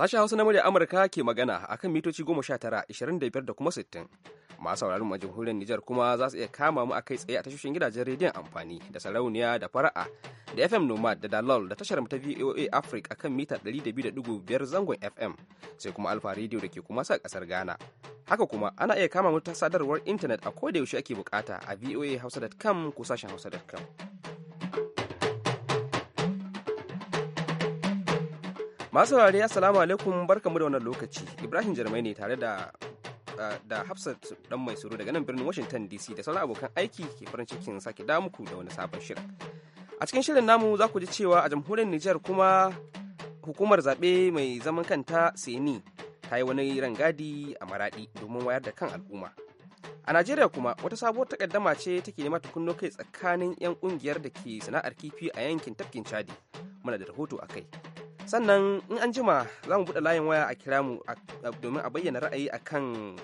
Sashen Hausa na murya Amurka ke magana a kan mitoci 19, 25 da kuma 60. Masu sauraron mu jamhuriyar Nijar kuma za su iya kama mu a kai tsaye a tashoshin gidajen rediyon amfani da sarauniya da fara'a da FM Nomad da Dalol da tashar ta VOA Africa kan mita 200.5 zangon FM sai kuma Alfa Radio da ke kuma sa kasar Ghana. Haka kuma ana iya kama mu ta sadarwar intanet a ko da yaushe ake bukata a voahausa.com ko sashen hausa.com. masu saurare assalamu alaikum barkamu da wannan lokaci ibrahim jarmai ne tare da da hafsat dan mai suru daga nan birnin washington dc da sauran abokan aiki ke farin cikin sake da muku da wani sabon shirin a cikin shirin namu za ku ji cewa a jamhuriyar nijar kuma hukumar zaɓe mai zaman kanta seni ta yi wani rangadi a maraɗi domin wayar da kan al'umma a najeriya kuma wata sabuwar takaddama ce take nema tukunno kai tsakanin 'yan kungiyar da ke sana'ar kifi a yankin tafkin chadi muna da rahoto a kai sannan in an jima za mu buɗe layin waya a kira mu domin a bayyana ra'ayi a kan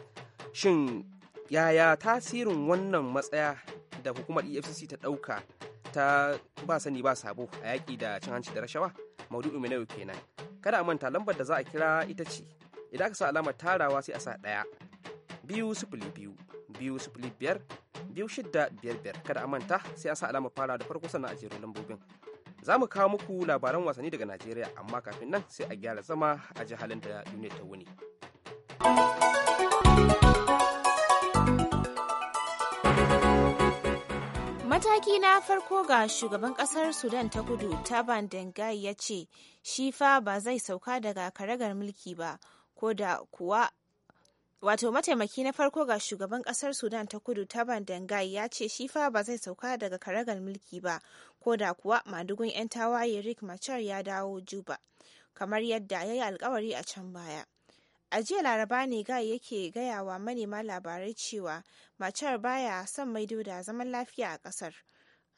shin yaya tasirin wannan matsaya da hukumar efcc ta ɗauka ta ba sani ba sabo a yaƙi da cin hanci da rashawa maudu'u mai nawa kenan kada a manta lambar da za a kira ita ce idan aka sa alamar tarawa sai a sa ɗaya biyu sifili biyu biyu sifili biyar biyu shidda biyar biyar kada a manta sai a sa alamar fara da farko sannan a lambobin za mu kawo muku labaran wasanni daga najeriya amma kafin nan sai a gyara zama a ji da duniya ta wuni mataki na farko ga shugaban kasar sudan ta kudu taban dengai ya ce shi ba zai sauka daga karagar mulki ba ko da kuwa wato mataimaki na farko ga shugaban kasar sudan ta kudu taban dangai ya ce shi fa ba zai sauka daga karagar mulki ba ko da kuwa madugun 'yan tawaye rick machar ya dawo juba kamar yadda ya yi alkawari a can baya a jiya laraba ne gai yake gayawa manema labarai cewa machar baya son maido da zaman lafiya a kasar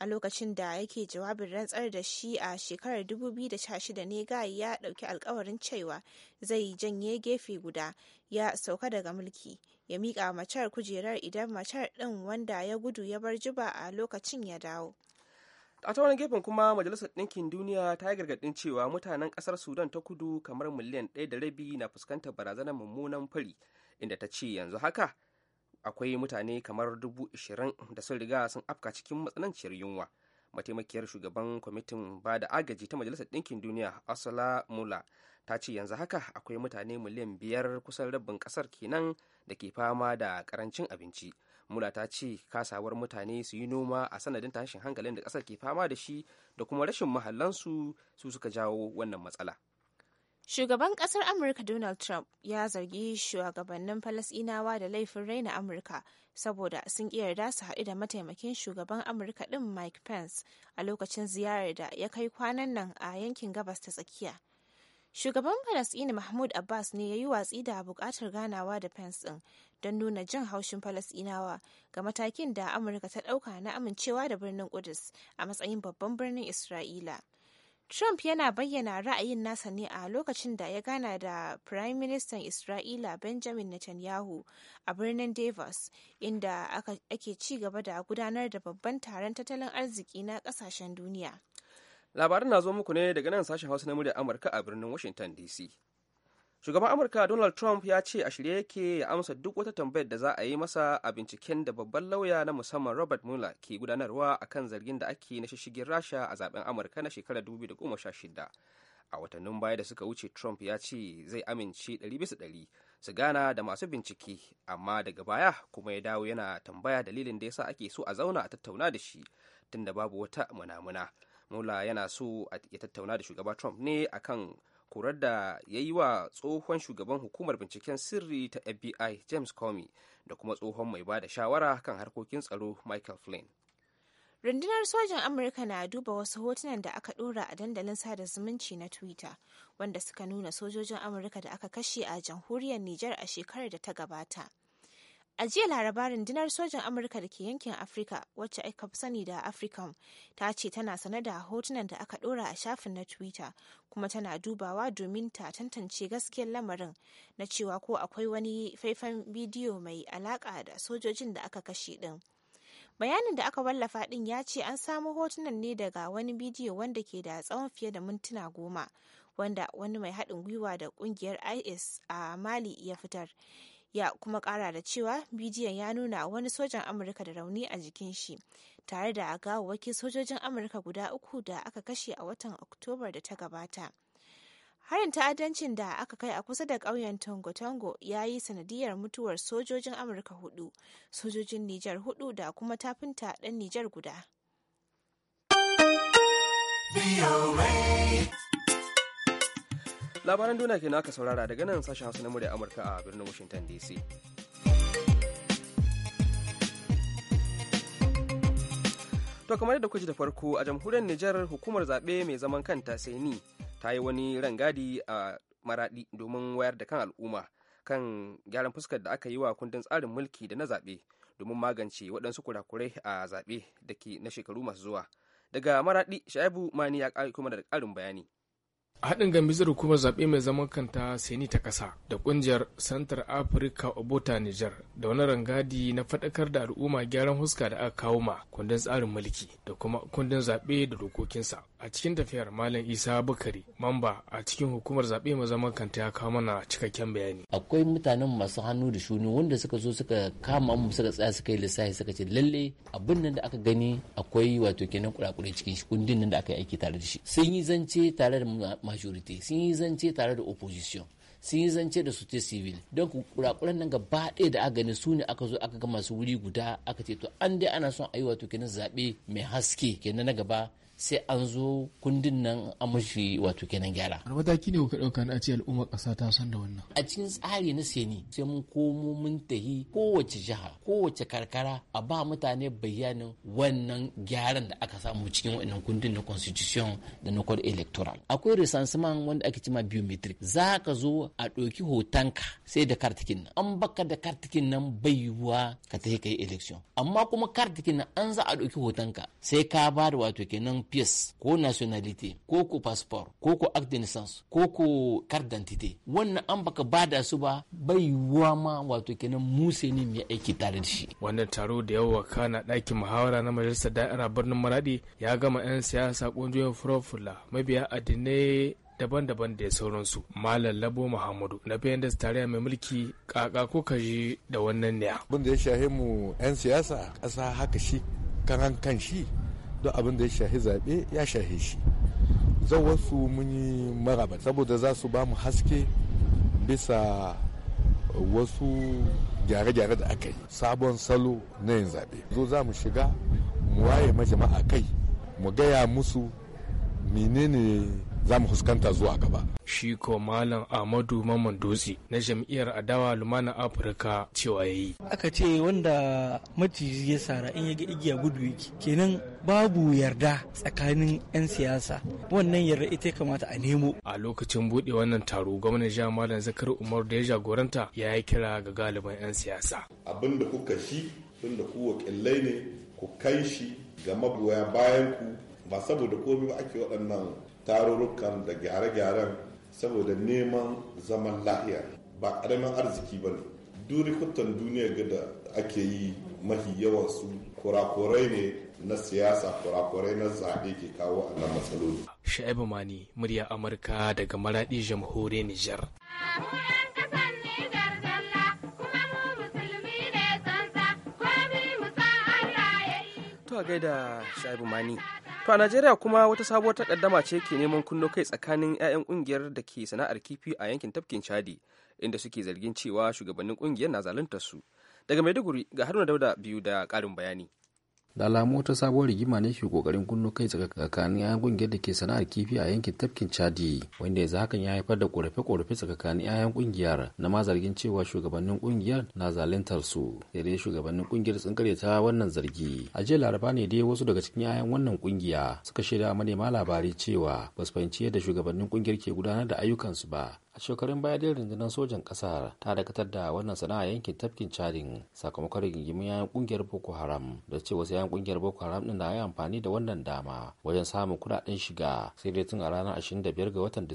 a lokacin da yake jawabin rantsar da shi a shekarar 2016 ne ga ya dauki alkawarin cewa zai janye gefe guda ya sauka daga mulki ya miƙa macar kujerar idan macar ɗin wanda ya gudu ya bar jiba a lokacin ya dawo a ta wani gefen kuma majalisar ɗinkin duniya ta yi gargaɗin cewa mutanen ƙasar sudan ta kudu kamar miliyan ɗaya da rabi na fuskantar barazanar mummunan fari inda ta ce yanzu haka akwai mutane kamar dubu ishirin da sun riga sun afka cikin matsananciyar yunwa mataimakiyar shugaban kwamitin ba da agaji ta majalisar ɗinkin duniya asala mula ta ce yanzu haka akwai mutane miliyan biyar kusan rabin ƙasar kenan da ke fama da ƙarancin abinci mula ta ce kasawar mutane su yi noma a sanadin tashin hankalin da ƙasar ke fama da shi da kuma rashin mahallansu su suka jawo wannan matsala Shugaban ƙasar Amurka Donald Trump ya zargi shugabannin Falasɗinawa da laifin raina Amurka saboda sun ƙi yarda su haɗu da mataimakin shugaban Amurka ɗin Mike Pence a lokacin ziyarar da ya kai kwanan nan a yankin gabas ta tsakiya. Shugaban Falasɗina Mahmud Abbas ne ya yi watsi da buƙatar ganawa da Pence ɗin don nuna jin haushin Falasɗinawa ga matakin da Amurka ta ɗauka na amincewa da birnin Ƙudus a matsayin babban birnin Isra'ila. Trump yana bayyana ra'ayin nasa ne a lokacin da ya gana da Prime Minister Isra'ila Benjamin Netanyahu a birnin Davos, inda ake ci gaba da gudanar da babban taron tattalin arziki na kasashen duniya. Labarin na zo muku ne daga nan sashen Hausa na murya Amurka a birnin Washington DC. shugaban amurka donald trump ya ce a shirye yake ya amsa duk wata tambayar da za a yi masa a binciken da babban lauya na musamman robert mueller ke gudanarwa a kan zargin da ake na shishigin rasha a zaben amurka na shekarar 2016 a watannin baya da suka wuce trump ya ce zai amince 100% su gana da masu bincike amma daga baya kuma ya dawo yana tambaya dalilin da yasa ake so a zauna a tattauna da shi tunda babu wata munamuna mula yana so ya tattauna da shugaba trump ne akan korar da ya yi wa tsohon shugaban hukumar binciken sirri ta fbi james comey da kuma tsohon mai bada shawara kan harkokin tsaro michael flynn rundunar sojin amurka na duba wasu hotunan da aka dora a dandalin sada zumunci na twitter wanda suka nuna sojojin amurka da aka kashe a jamhuriyar niger a shekarar da ta gabata A jiya laraba rundunar sojin Amurka da ke yankin Afirka wacce aka fi sani da african ta ce tana sane da hotunan da aka ɗora a shafin na Twitter kuma tana dubawa domin ta tantance gaskiyar lamarin na cewa ko akwai wani faifan bidiyo mai alaka da sojojin da aka kashe din. bayanin da aka wallafa din ya ce an samo hotunan ne daga wani bidiyo wanda ke da tsawon fiye da mintuna goma wanda wani mai haɗin gwiwa da ƙungiyar is a mali ya fitar ya kuma kara da cewa bidiyon ya nuna wani sojan amurka da rauni a jikin shi tare da gawawwakin sojojin amurka guda uku da aka kashe a watan oktobar da ta gabata harin ta'addancin da aka kai a kusa da ƙauyen tongo-tongo ya yi sanadiyar mutuwar sojojin amurka hudu sojojin nijar hudu da kuma tafinta ɗan nijar guda labaran duniya ke aka saurara daga nan sashen hausa na murya amurka a birnin washington dc to kamar yadda kuji da farko a jamhuriyar nijar hukumar zaɓe mai zaman kanta saini ta yi wani rangadi a maraɗi domin wayar da kan al'umma kan gyaran fuskar da aka yi wa kundin tsarin mulki da na zaɓe domin magance waɗansu kurakurai a zaɓe da ke na shekaru masu zuwa daga maraɗi shaibu mani ya kuma da ƙarin bayani haɗin gambizar kuma zaɓe mai zaman kanta seni ta ƙasa da ƙungiyar sanatar afirka obota niger da wani rangadi na faɗakar da al'umma gyaran huska da aka kawo ma kundin tsarin mulki da kuma kundin zaɓe da dokokinsa a cikin tafiyar malam isa bukari mamba a cikin hukumar zaɓe mai zaman kanta ya kawo mana cikakken bayani akwai mutanen masu hannu da shuni wanda suka zo suka kama mu suka tsaya suka yi lissafi suka ce lalle abin nan da aka gani akwai wato kenan kurakurai cikin shi kundin nan da aka yi aiki tare da shi sun yi zance tare da majority sun yi zance tare da opposition sun yi zance da sute civil don kurakuran nan gaba ɗaya da aka gani su ne aka zo aka ga masu wuri guda aka ce to an dai ana son a yi wato kenan zaɓe mai haske kenan na gaba sai an zo kundin nan a mushi wato kenan gyara. Wani mataki ne kuka ɗauka na ce al'ummar ƙasa ta san da wannan. A cikin tsari na seni sai mun komo mun tahi kowace jiha kowace karkara a ba mutane bayanin wannan gyaran da aka samu cikin wannan kundin na constitution da na code electoral. Akwai resansiman wanda ake cima biometric za ka zo a ɗauki hotonka sai da kartikin nan. An baka da kartikin nan bai ka tahi ka yi election. Amma kuma kartikin nan an za a ɗauki hotonka sai ka ba da wato kenan ps ko nationality ko ko passport ko ko act de naissance ko ko carte d'identité wannan an baka bada su ba bai yiwuwa ma wato kenan muse ne mai aiki tare da shi wannan taro da yawa kana ɗakin muhawara na majalisar da'ira birnin maradi ya gama 'yan siyasa ƙungiyoyin furofula mabiya addinai daban-daban da sauransu. Malam Labo Muhammadu na da tarayya mai mulki kaka ko kaji da wannan ne. Abin da ya shahe mu 'yan siyasa ƙasa haka shi kan kan shi duk abin da ya shahi zaɓe ya shahe shi zan wasu mun yi maraba saboda za su ba mu haske bisa wasu gyare-gyare da aka yi sabon salo na yin zaɓe zo za mu shiga mu waye majama'a kai mu gaya musu menene za mu fuskanta zuwa gaba. Shi ko Malam Ahmadu Mamman Dutse na jam'iyyar Adawa Lumana Afirka cewa ya yi. Aka ce wanda maciji ya sara in ya ga igiya gudu yake kenan babu yarda tsakanin 'yan siyasa wannan yarda ita kamata a nemo. A lokacin buɗe wannan taro gwamnan jihar Malam Zakar Umar da ya jagoranta ya yi kira ga galiban 'yan siyasa. Abin da kuka shi tun da ku wakilai ne ku kai shi ga magoya bayan ku ba saboda komai ba ake waɗannan tarurrukan da gyare-gyaren saboda neman zaman lahiya ba ƙaramin arziki ba ne durikutan duniya ga da ake yi mahi yawansu kurakurai ne na siyasa kurakurai na zaɓe ke kawo a nan matsaloli. Sha'ibu Mani, murya Amurka daga Maraɗi, jamhuri Nijar. To a gaida Sha'ibu Mani. To a Najeriya kuma wata sabuwar takaddama ce ke neman kunno kai tsakanin 'ya'yan kungiyar da ke sana'ar kifi a yankin tafkin Chadi inda suke zargin cewa shugabannin kungiyar na zaluntar su. Daga Maiduguri ga Haruna Dauda biyu da ƙarin bayani. da alamu wata sabuwar rigima ne ke kokarin kunno kai tsakanin 'ya'yan kungiyar da ke sana'ar kifi a yankin tafkin chadi wanda yanzu hakan ya haifar da korafe-korafe tsakanin 'ya'yan kungiyar na ma zargin cewa shugabannin kungiyar na zaluntar su sai dai shugabannin kungiyar sun karyata wannan zargi a jiya laraba ne dai wasu daga cikin 'ya'yan wannan kungiya suka shaida manema labarai cewa ba su fahimci yadda shugabannin kungiyar ke gudanar da ayyukansu ba a shekarun baya dai rundunar sojan kasar ta dakatar da wannan sana'a yankin tafkin chadin sakamakon rigingimin yayan kungiyar boko haram da ce wasu yayan kungiyar boko haram din na yi amfani da wannan dama wajen samun kuɗaɗen shiga sai dai tun a ranar 25 ga watan da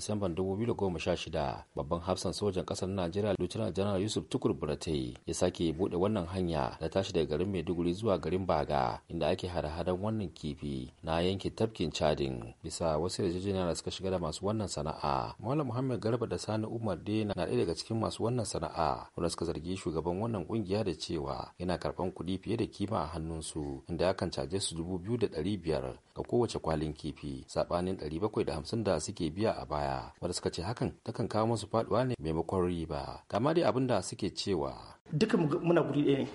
sha shida babban hafsan sojan kasar najeriya lieutenant general yusuf tukur buratai ya sake buɗe wannan hanya da tashi daga garin maiduguri zuwa garin baga inda ake hada-hadan wannan kifi na yankin tafkin chadin bisa wasu yarjejeniya da suka shiga da masu wannan sana'a malam muhammad garba da sa Sani Umar dai na ɗaya daga cikin masu wannan sana'a wanda suka zargi shugaban wannan kungiya da cewa yana karɓan kuɗi fiye da kima a hannunsu inda akan caje su dubu biyu da ɗari biyar ga kowace kwalin kifi saɓanin ɗari bakwai da hamsin da suke biya a baya wanda suka ce hakan takan kawo musu faɗuwa ne maimakon riba kama dai abin da suke cewa. Duka muna guri ɗaya ne.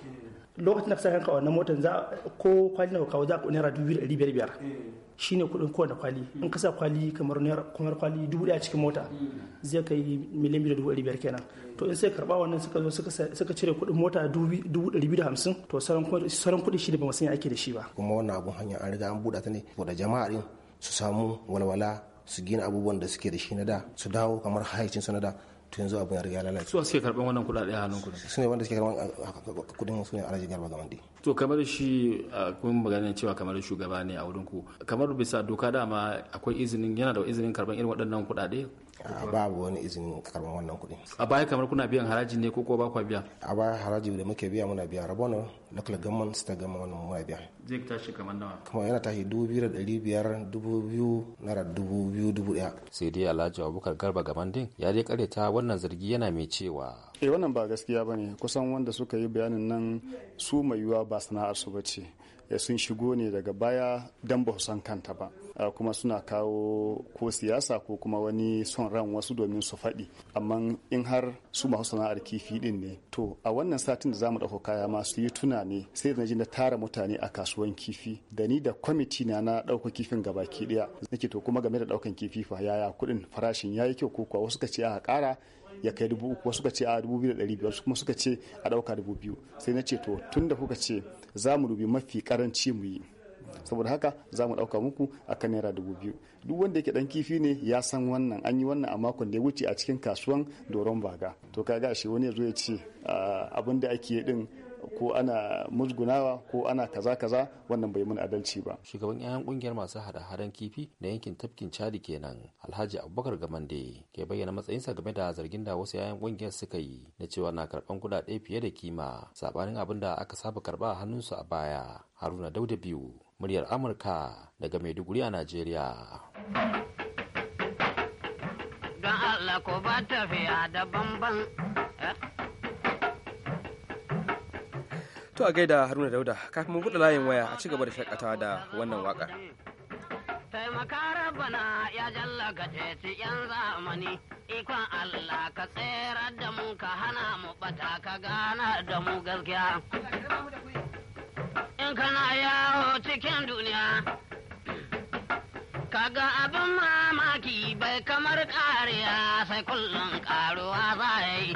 Lokacin da ka sa kanka wannan motar za ko kwalin da kawo za ku naira dubu biyu da ɗari biyar biyar. shine kuɗin kowane kwali in ka sa kwali kamar kamar kwali dubu daya cikin mota zai kai miliyan biyu da dubu biyar kenan to in sai karba wannan suka zo suka cire kuɗin mota dubu dari biyu da hamsin to sauran kuɗi shi da bamu sanya ake da shi ba kuma wannan abun hanya an riga an buɗa ta ne da jama'a din su samu walwala su gina abubuwan da suke da shi na da su dawo kamar haicin su na da to yanzu abin ya riga lalace su suke karban wannan kuɗaɗe a hannun kuɗin Sune wanda suke karban ah, ah, ah, kuɗin su ne alhaji garba gamandi to kamar shi kun magana cewa kamar shugaba ne a wurin ku kamar bisa doka dama akwai izinin yana da izinin karban irin waɗannan kuɗaɗe babu wani izinin karban wannan kuɗi a baya kamar kuna biyan haraji ne ko ba kwa biya a baya haraji da muke biya muna biya rabono local government state government muna biya zai shi kamar nawa kuma yana tashi dubu biyu da ɗari biyar dubu biyu naira dubu biyu dubu ɗaya sai dai alhaji abubakar garba gamandin ya dai karyata wannan zargi yana mai cewa eh wannan ba gaskiya ne kusan wanda suka yi bayanin nan su mai yiwuwa ba sana'ar su ce. Eh, sun shigo ne daga baya don ba san kanta ba eh, kuma suna kawo ko siyasa ko kuma wani son ran wasu domin su faɗi amma in har su masu sana'ar kifi din ne to a wannan satin da za mu ɗauko kaya ma yi tuna ne sai da na tara mutane a kasuwan kifi da ni da kwamiti na na ɗauko kifin gabaki ɗaya nake to kuma game da ɗaukan kifi fa yaya kuɗin farashin yayi kyau ko kuwa wasu ka ce a ƙara ya kai dubu uku wasu ka ce a dubu biyu da ɗari biyar kuma suka ce a ɗauka dubu biyu sai na ce to tun da kuka ce za mu rubi mafi karanci mu yi saboda haka za mu ɗauka muku a kan naira dubu biyu duk wanda yake dan kifi ne ya san wannan an yi wannan a makon da ya wuce a cikin kasuwan doron baga to kaga shi wani ya zo ya ce ah, abin da ake yi din ko ana musgunawa ko ana kaza kaza wannan bai mun adalci ba shugaban yayan kungiyar masu hada hadar kifi na yankin tafkin chadi kenan alhaji abubakar gamande ke bayyana matsayinsa game da zargin da wasu yayan kungiyar suka yi na cewa na karban kudade fiye da kima sabanin abin da aka saba karba a hannunsu a baya haruna dauda biyu muryar amurka daga maiduguri a najeriya don allah ko ba tafiya da bamban To a gaida Haruna Dauda kafin mu buɗe layin waya a ci gaba da shakatawa da wannan waƙar. taimaka rabana ya jalla ka ceci yan zamani ikon Allah ka tsere da mu ka hana mu bata ka gana da mu gaskiya in kana yawo cikin duniya kaga abin mamaki bai kamar kariya sai kullum karuwa za yi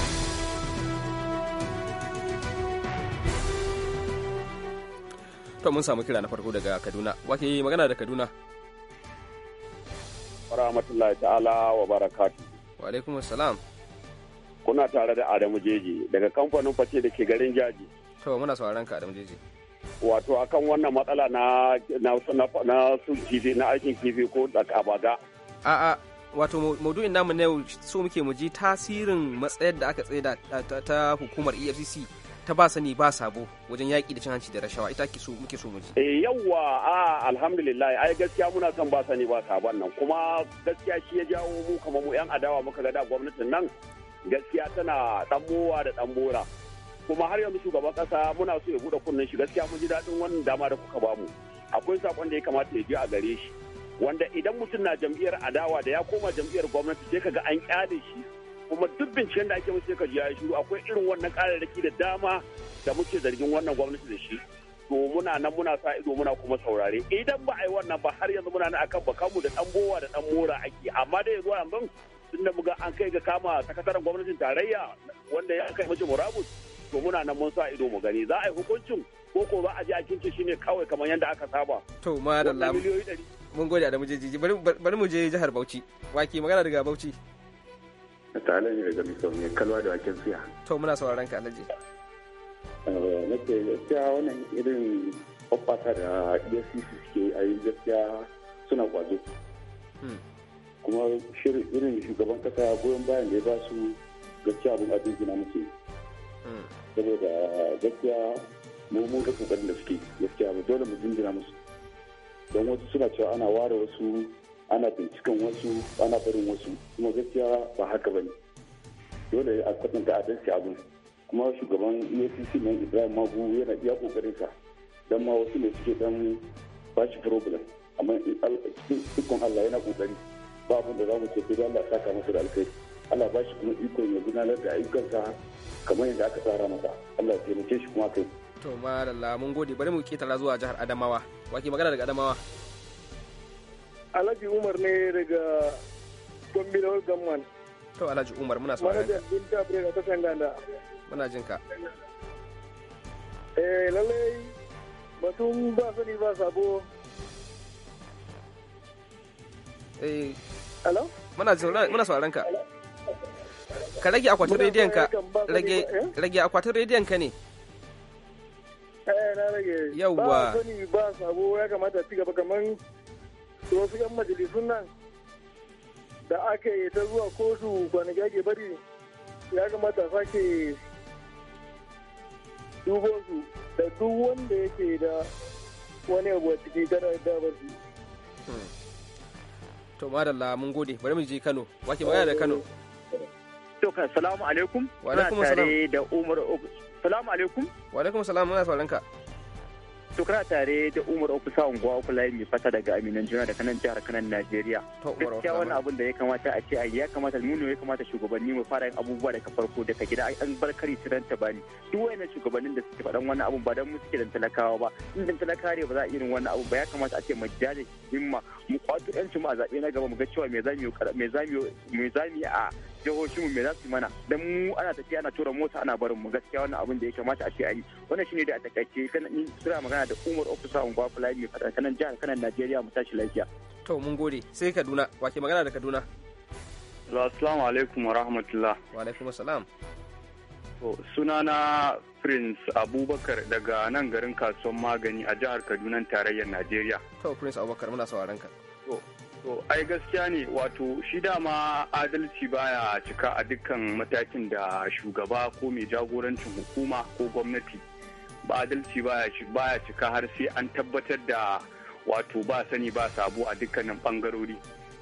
to mun samu kira na farko daga kaduna wake magana da kaduna rahmatullahi ta'ala wa barakatu wa alaikum assalam kuna tare da adamu jeji daga kamfanin face da ke garin jaji to muna sauraron ka adamu jeji wato akan wannan matsala na na na, na su kifi na aikin kifi ko da kabaga a a wato maudu'in namu na yau so muke mu ji tasirin matsayar da aka tsaida ta hukumar EFCC ta ba sani ba sabo wajen yaƙi da cin da rashawa ita ake so muke so mu Eh yawwa a alhamdulillah ai gaskiya muna son ba sani ba sabon nan kuma gaskiya shi ya jawo mu kamar mu yan adawa muka ga da gwamnatin nan gaskiya tana ɗanbowa da ɗanbora. Kuma har yanzu shugaban ƙasa muna so ya buɗe kunnen shi gaskiya mun ji daɗin wannan dama da kuka bamu. Akwai sakon da ya kamata ya je a gare shi. Wanda idan mutum na jam'iyyar adawa da ya koma jam'iyyar gwamnati sai kaga an kyale shi kuma duk binciken da ake musu ka ya shiru akwai irin wannan kararraki da dama da muke zargin wannan gwamnati da shi to muna nan muna sa ido muna kuma saurare idan ba a yi wannan ba har yanzu muna nan akan bakanmu da dan bowa da dan mora ake amma da yanzu ban tun da muga an kai ga kama sakataren gwamnatin tarayya wanda ya kai mace murabus to muna nan mun sa ido mu gani za a yi hukuncin ko ko za a je a kince shi ne kawai kamar yadda aka saba to ma da mun gode da mu bari mu je jihar Bauchi waki magana daga Bauchi ta alhaji daga misau ne kalwa da waken suya to muna sauraron ka alhaji nake gaskiya wannan irin hoppata da efcc suke a yi gaskiya suna kwazo hmm. kuma shirin irin shugaban kasa goyon bayan da ya ba su gaskiya abin abin gina muke hmm. saboda gaskiya mu mu da kokarin da suke gaskiya ba dole mu jinjina musu don wasu suna cewa ana ware wasu ana binciken wasu ana barin wasu kuma gaskiya ba haka ba ne dole a kwatanta adalci abin kuma shugaban efcc nan ibrahim magu yana iya kokarin sa don ma wasu ne suke dan ba shi problem amma ikon allah yana kokari ba abin da za mu ce sai allah saka masa da alkhairi allah ba shi kuma ikon ya gudanar da ayyukansa kamar yadda aka tsara masa allah ya taimake shi kuma kai to ma da mun gode bari mu ketara zuwa jihar adamawa ke magana daga adamawa Alhaji Umar ne daga Gombinawar Gamman. To Alhaji Umar muna sauraron ka. Manajan Inta Breda ta Sanganda. Muna jin ka. Eh lalai batun ba sani ba sabo. Eh. Hello? Muna jin muna sauraron ka. Ka rage akwatin rediyon ka. Rage eh? rage akwatin rediyon ka ne. Eh na rage. Yawwa. Ba sani ba sabo ya kamata ci gaba kaman wasu 'yan majalisun nan da aka yi ta zuwa kotu kwanaki gage bari ya kamata sake dubo su da duk wanda yake da wani abu a ciki kada da ba su. To madalla mun gode bari mu je Kano wake magana da Kano. To ka salamu alaikum. Wa alaikum salam. da Salamu alaikum. Wa alaikum salam muna sauran ka. to kana tare da umar ofisa unguwa okulayi mai fata daga aminan juna da kanan jihar kanan najeriya gaskiya wani abun da ya kamata a ce a ya kamata nuna ya kamata shugabanni mu fara yin abubuwa daga farko daga gida an bar kari tiran ta bani duk wayannan shugabannin da suke faɗan wani abu ba dan mu suke dan talakawa ba in dan talakawa ne ba za a irin wani abu ba ya kamata a ce mu jaje himma mu kwato yanci mu a zaɓe na gaba mu ga cewa me za mu me za me za a jihohinmu me za su mana dan mu ana tafiya ana tura mota ana barin mu gaskiya wannan abin da ya kamata a ce a yi wannan shine da a takaice kana ni sura magana da Umar Ofisa Ungwa Fulani mai fada kanan jihar kanan Najeriya mu tashi lafiya to mun gode sai Kaduna wace magana da Kaduna Assalamu alaikum wa rahmatullah wa alaikum assalam to sunana Prince Abubakar daga nan garin kasuwan magani a jihar Kaduna tarayyar Najeriya to Prince Abubakar muna sauraron ka to To ai gaskiya ne wato shi dama adalci baya cika a dukkan matakin da shugaba ko mai jagorancin hukuma ko gwamnati ba adalci baya cika har sai an tabbatar da wato ba sani ba sabo a dukkanin bangarori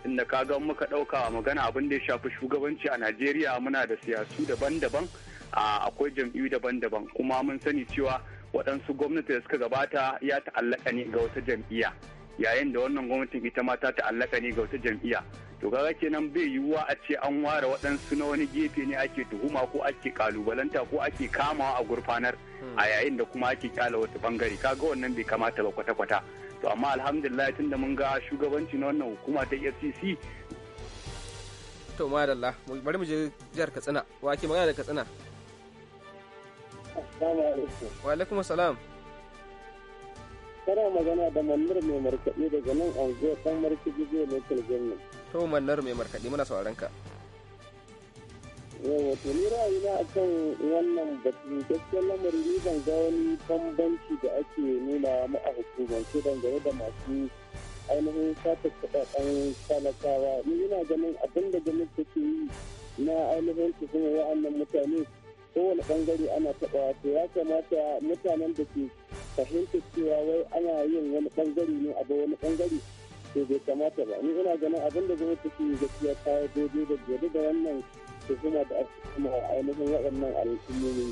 inda ga muka dauka magana abin da ya shafi shugabanci a najeriya muna da siyasu daban-daban akwai jam'iyyu daban-daban kuma mun sani cewa waɗansu gwamnati da suka gabata ya ta'allaka ne ga wata jam'iyya yayin da wannan gwamnatin ita ma ta ta'allaka ne ga wata jam'iyya to kaga kenan bai yiwuwa a ce an ware waɗansu na wani gefe ne ake tuhuma ko ake kalubalanta ko ake kamawa a gurfanar a hmm. yayin da kuma ake kyala wata bangare kaga wannan bai kamata ba kwata-kwata to amma alhamdulillah tunda mun ga shugabanci na wannan hukuma ta FCC to madalla bari mu je jihar katsina wa ke magana da katsina wa alaikum assalam kana magana da mannar mai markaɗe daga nan anguwa ɗan markaɗe zai local government. To mallar mai markaɗe muna sauran ka. Yau, to ni ra'ayina a kan wannan batun gaskiyar lamari ni ban ga wani bambanci da ake nuna mu a hukumance dangane da masu ainihin sata kuɗaɗen talakawa. Ni ina ganin abin da gwamnati take yi na ainihin tuhumar wa'annan mutane kowane bangare ana taɓa to ya kamata mutanen da ke fahimtar cewa wai ana yin wani bangare ne a wani bangare to bai kamata ba ni ina ganin abin da gwamnati ke gaskiya ta daidai da gobe da wannan hukuma da kuma ainihin waɗannan al'ummomi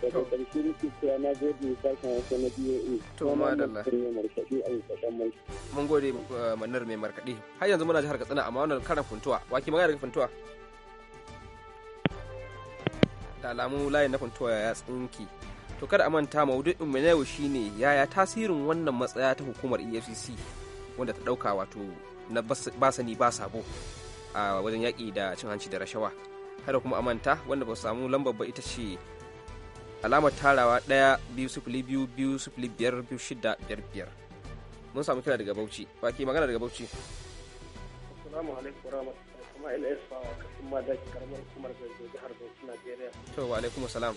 daga ƙarshe nake cewa na gode sashen wasu na biyu BOA. To ma da madalla. Mun gode uh, manar mai markaɗe. Har yanzu muna jihar Katsina amma wannan karan funtuwa. wa Waki magana daga funtuwa. da alamun layin na kwantoya ya tsinki to kada a manta maudu'in mu na yau shine yaya tasirin wannan matsaya ta hukumar efcc wanda ta dauka wato na basani ba sabo a wajen yaƙi da cin hanci da rashawa kada kuma a manta wanda ba samu lambar ba ita ce alamar tarawa ɗaya biyu sifili biyu biyu sifili biyar biyu shida biyar biyar mun samu kira daga bauchi baki magana daga bauchi assalamu alaikum Ismail Esfawa kasin ma daki karamar hukumar Zanzo jihar Bauchi Najeriya. To wa alaikum salam.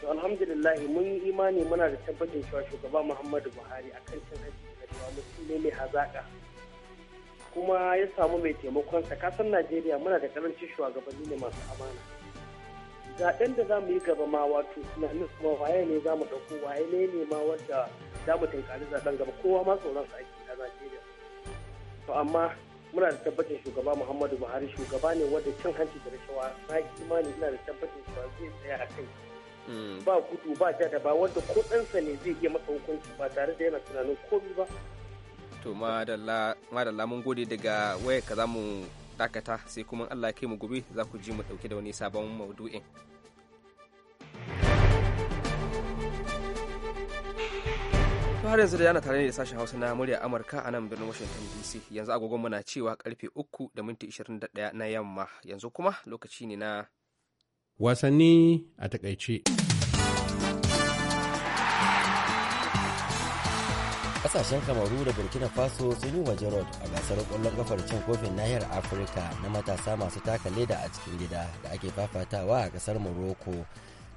To alhamdulillah mun yi imani muna da tabbacin cewa shugaba Muhammadu Buhari akan cin hanci da cewa mutum ne hazaƙa. Kuma ya samu mai taimakonsa kasan Najeriya muna da karancin shugabanni ne masu amana. Zaɓen da za mu yi gaba ma wato tunanin kuma waye ne za mu ɗauko waye ne ne ma wanda za mu tunkari zaɓen gaba kowa ma tsoron sa ake a Najeriya. To amma muna da tabbacin shugaba muhammadu buhari shugaba ne wanda cin hanci da rashawa na imani ina da tabbacin cewa zai tsaya a kai hmm. ba kudu ba jada ba wanda ko ɗansa ne zai iya masa hukunci ba tare da yana tunanin komi ba to madalla mun gode daga waya ka za mu dakata sai kuma allah kai mu gobe za ku ji mu ɗauke da wani sabon maudu'in. har yanzu da yana tare da sashen hausa na murya amurka a nan birnin washington dc yanzu agogon muna cewa karfe 3 da minti 21 na yamma yanzu kuma lokaci ne na wasanni a takaice kasashen kamaru da burkina faso sun yi waje rod a gasar kwallon kafar cin kofin nahiyar afirka na matasa masu taka leda a cikin gida da ake fafatawa a kasar morocco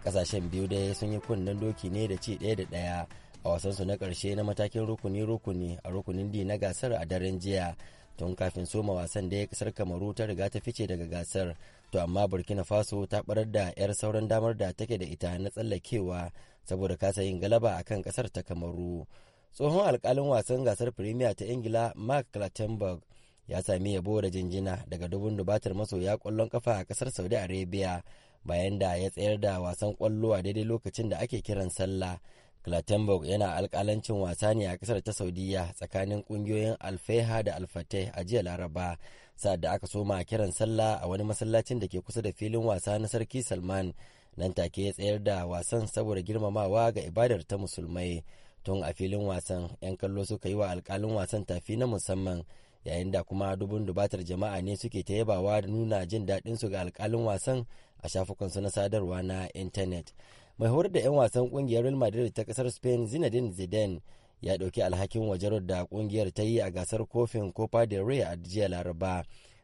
kasashen biyu dai sun yi kunnen doki ne da ci daya da ɗaya a wasansu na karshe na matakin rukuni-rukuni a rukunin D na gasar a daren jiya tun kafin soma wasan da ya kasar kamaru ta riga ta fice daga gasar to amma burkina faso ta barar da 'yar sauran damar da take da ita na tsallakewa saboda kasa yin galaba a kan kasar ta kamaru tsohon alkalin wasan gasar firimiya ta ingila mark clattenburg ya sami yabo da jinjina daga dubun dubatar masoya kwallon kafa a kasar saudi arabia bayan da ya tsayar da wasan kwallo a daidai lokacin da ake kiran sallah Klatenburg yana alkalancin wasa ne a kasar ta Saudiya tsakanin kungiyoyin Alfeha da Alfateh a jiya Laraba da aka soma kiran sallah a wani masallacin da ke kusa da filin wasa na Sarki Salman nan take ya tsayar da wasan saboda girmamawa ga ibadar ta musulmai tun a filin wasan 'yan kallo suka yi wa alkalin wasan tafi na musamman yayin da kuma dubun dubatar jama'a ne suke ta yabawa da nuna jin daɗinsu ga alkalin wasan a shafukansu na sadarwa na intanet. mai horar da 'yan wasan kungiyar real madrid ta kasar spain zinedine zidane ya dauki alhakin wajarar da kungiyar ta yi a gasar kofin copa del rey a jiya laraba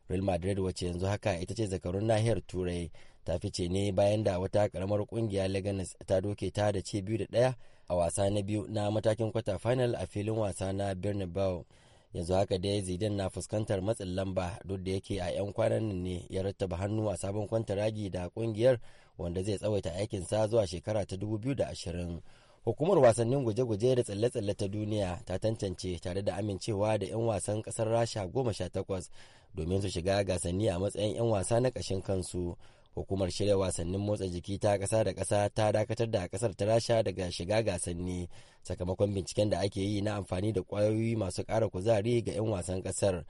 real madrid wacce yanzu haka ita ce zakarun nahiyar turai ta fice ne bayan da wata karamar kungiya leganes ta doke ta da ce biyu da ɗaya a wasa na biyu na matakin kwata final a filin wasa na bernabeu yanzu haka dai zidane na fuskantar matsin lamba duk da yake a 'yan kwanan ne ya rattaba hannu a sabon kwanta ragi da kungiyar wanda zai tsawaita aikinsa zuwa shekara ta 2020 hukumar wasannin guje-guje da tsalle-tsalle ta duniya ta tantance tare da amincewa da 'yan wasan kasar rasha goma sha takwas domin su shiga gasanni a matsayin 'yan wasa na ƙashin kansu hukumar shirya wasannin motsa jiki ta kasa da kasa ta dakatar da kasar ta rasha daga shiga gasanni sakamakon binciken da ake yi na amfani da kwayoyi masu kara kuzari ga 'yan wasan ƙasar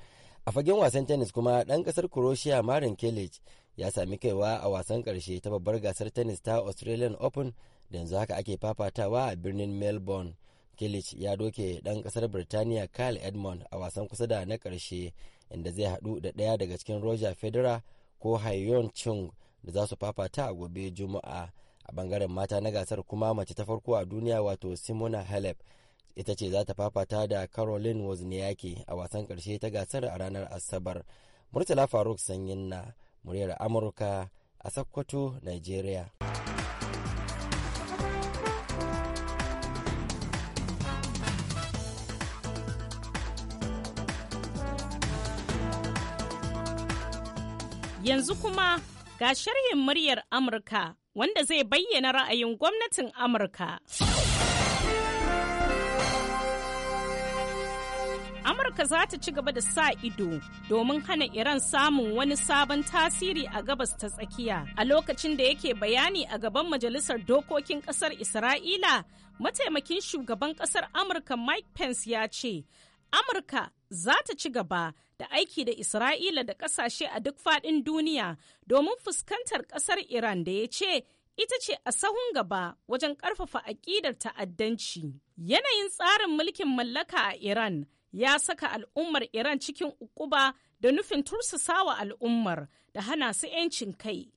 a fagen wasan tennis kuma ɗan ƙasar croatia marin kelich ya sami kaiwa a wasan karshe ta babbar gasar tennis ta australian open da yanzu haka ake fafatawa a birnin melbourne kilich ya doke dan kasar birtaniya kyle edmond a wasan kusa da na karshe inda zai hadu da daya daga cikin roger federer ko hayon chung da za su fafata a gobe juma'a a bangaren mata na gasar kuma mace ta farko a duniya wato simona halep ita ce za ta fafata da caroline wozniacki a wasan karshe ta gasar a ranar asabar murtala faruk sanyin na muryar amurka a sokoto nigeria yanzu kuma ga sharhin muryar amurka wanda zai bayyana ra'ayin gwamnatin amurka. Amurka za ta ci gaba da sa ido domin hana Iran samun wani sabon tasiri a gabas ta tsakiya. A lokacin da yake bayani a gaban Majalisar Dokokin kasar Isra'ila, mataimakin shugaban kasar Amurka Mike Pence ya ce, Amurka za ta ci gaba da aiki da Isra'ila da kasashe a duk faɗin duniya domin fuskantar kasar Iran da ya ce, ita ce a sahun gaba wajen ƙarfafa aƙidar ta'addanci. Yanayin tsarin mulkin mallaka a Iran ya saka al'ummar Iran cikin ukuba da nufin tursasawa al'ummar da hana su 'yancin kai.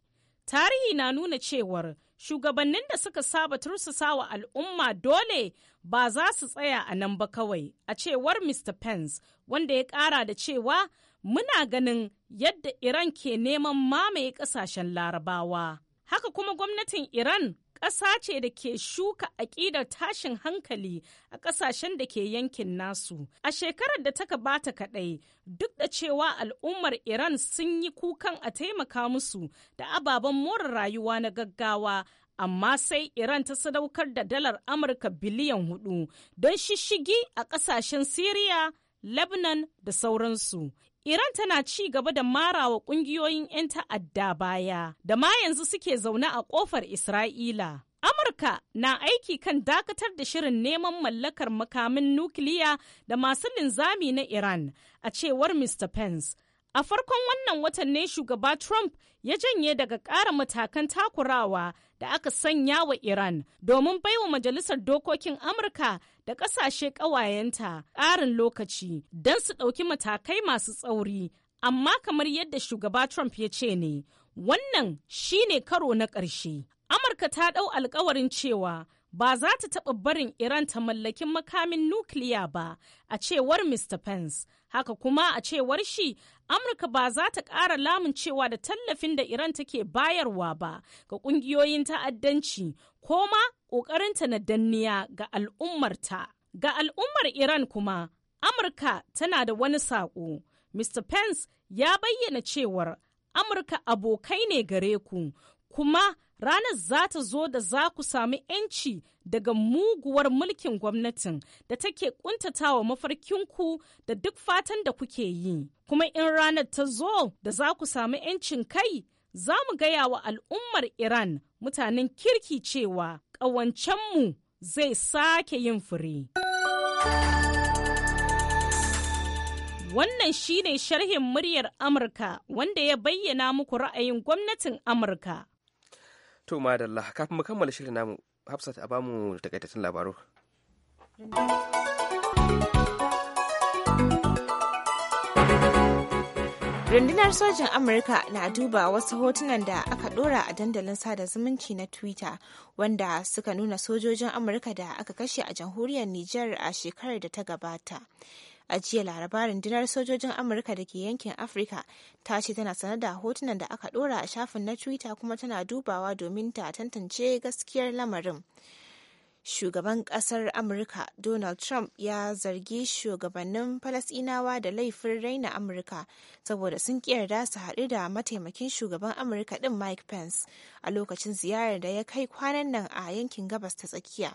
Tarihi na nuna cewar shugabannin da suka saba tursasawa al'umma dole ba za su tsaya a nan ba kawai, a cewar Mr. Pence, wanda ya kara da cewa muna ganin yadda Iran ke neman mamaye kasashen larabawa. Haka kuma gwamnatin Iran ƙasa ce da ke shuka aƙidar tashin hankali a ƙasashen da ke yankin nasu. A shekarar da ta gabata kaɗai, duk da cewa al'ummar Iran sun yi kukan a taimaka musu da ababen more rayuwa na gaggawa, amma sai Iran ta sadaukar da dalar Amurka biliyan hudu don shishigi a ƙasashen Siriya, Lebanon da sauransu. Iran tana ci gaba da marawa kungiyoyin 'yan ta'adda baya da ma yanzu suke zaune a kofar Isra'ila. Amurka na aiki kan dakatar da shirin neman mallakar makamin nukiliya da masu linzami na Iran, a cewar Mr. Pence. A farkon wannan watan ne shugaba Trump ya janye daga ƙara matakan takurawa da aka sanya wa Iran domin baiwa Majalisar Dokokin Amurka da ƙasashe ƙawayenta ƙarin lokaci don su ɗauki matakai masu tsauri, amma kamar yadda shugaba Trump ya ce ne, wannan shi ne karo na ƙarshe. Amurka ta ɗau alkawarin cewa ba za ta taɓa barin Iran ta mallakin makamin nukiliya ba, a cewar Mr. Pence. Haka kuma a cewar shi Amurka ba za ta ƙara cewa da tallafin da Iran take bayarwa ba ga ƙungiyoyin ta'addanci ko ma ƙoƙarinta na danniya ga al'ummarta. Ga al'ummar Iran kuma, Amurka tana da wani saƙo. Mr. Pence ya bayyana cewar Amurka abokai ne gare ku, kuma ranar za ta zo da za ku sami 'yanci daga muguwar mulkin gwamnatin da take kuntatawa mafarkinku da duk fatan da kuke yi. Kuma in ranar ta zo da za ku sami 'yancin kai, za mu gaya wa al'ummar Iran mutanen kirki cewa ƙawancenmu zai sake yin fure. Wannan shi ne sharhin muryar Amurka wanda ya bayyana muku ra'ayin gwamnatin Amurka. to madalla kafin mu kammala shirin namu hafsat a bamu takaitattun labaru rundunar sojin amurka na duba wasu hotunan da aka ɗora a dandalin sada zumunci na twitter wanda suka nuna sojojin amurka da aka kashe a jamhuriyar nijar a shekarar da ta gabata a jiya laraba rundunar sojojin amurka da ke yankin afirka ta ce tana sanar da hotunan da aka dora a shafin na twitter kuma tana dubawa domin ta tantance gaskiyar lamarin shugaban kasar amurka donald trump ya zargi shugabannin falasinawa da laifin raina amurka saboda sun yarda su haɗu da mataimakin shugaban amurka ɗin mike pence a lokacin ziyarar da ya kai kwanan nan a yankin gabas ta tsakiya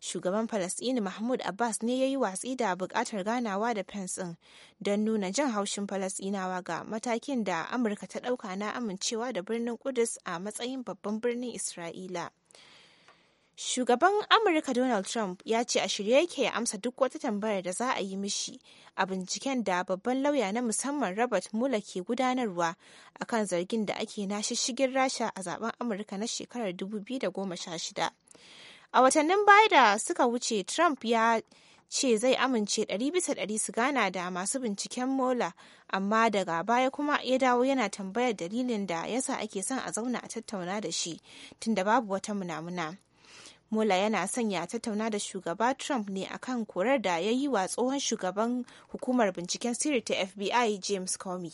shugaban Falasɗini Mahmud Abbas ne ya yi watsi da buƙatar ganawa da Pence don nuna jin haushin Falasɗinawa ga matakin da Amurka ta ɗauka na amincewa da birnin Kudus a matsayin babban birnin Isra'ila. Shugaban Amurka Donald Trump ya ce a shirye yake ya amsa duk wata tambayar da za a yi mishi a binciken da babban lauya na musamman Robert Mueller ke gudanarwa a kan zargin da ake nashi shigin Rasha a zaben Amurka na shekarar 2016. A watannin baya da suka wuce, Trump ya ce zai amince 100 bisa 100 su gana da masu binciken mola amma daga baya kuma ya dawo yana tambayar dalilin da yasa ake son a zauna a tattauna da shi tunda babu wata munamuna. Mola yana sanya ya tattauna da shugaba Trump ne akan korar da ya yi wa tsohon shugaban hukumar binciken sirri ta FBI James Comey.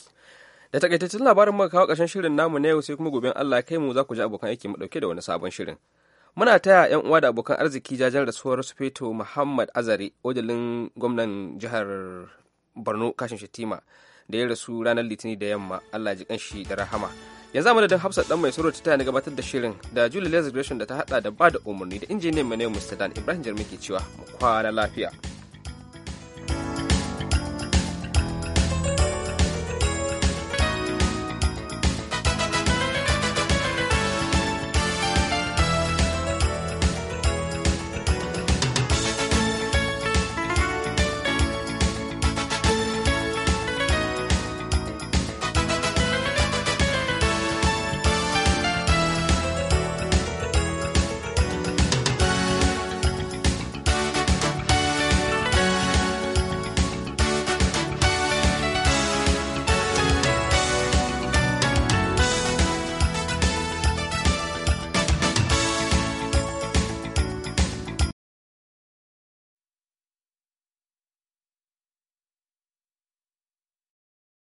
Da takaitattun labarin muka kawo ƙarshen shirin namu na yau sai kuma gobe Allah kai mu za ku ji abokan aiki mu dauke da wani sabon shirin. muna taya 'yan uwa da abokan arziki jajen rasuwar su feto muhammad azare ojalin gwamnan jihar borno kashin shatima da ya rasu ranar litinin da yamma allah ji kanshi da rahama yanzu amma da hafsa dan mai soro ta na gabatar da shirin da julie lesgration da ta hada da ba da umarni da injiniyan mu ne mr dan ibrahim jarmi ke cewa mu kwana lafiya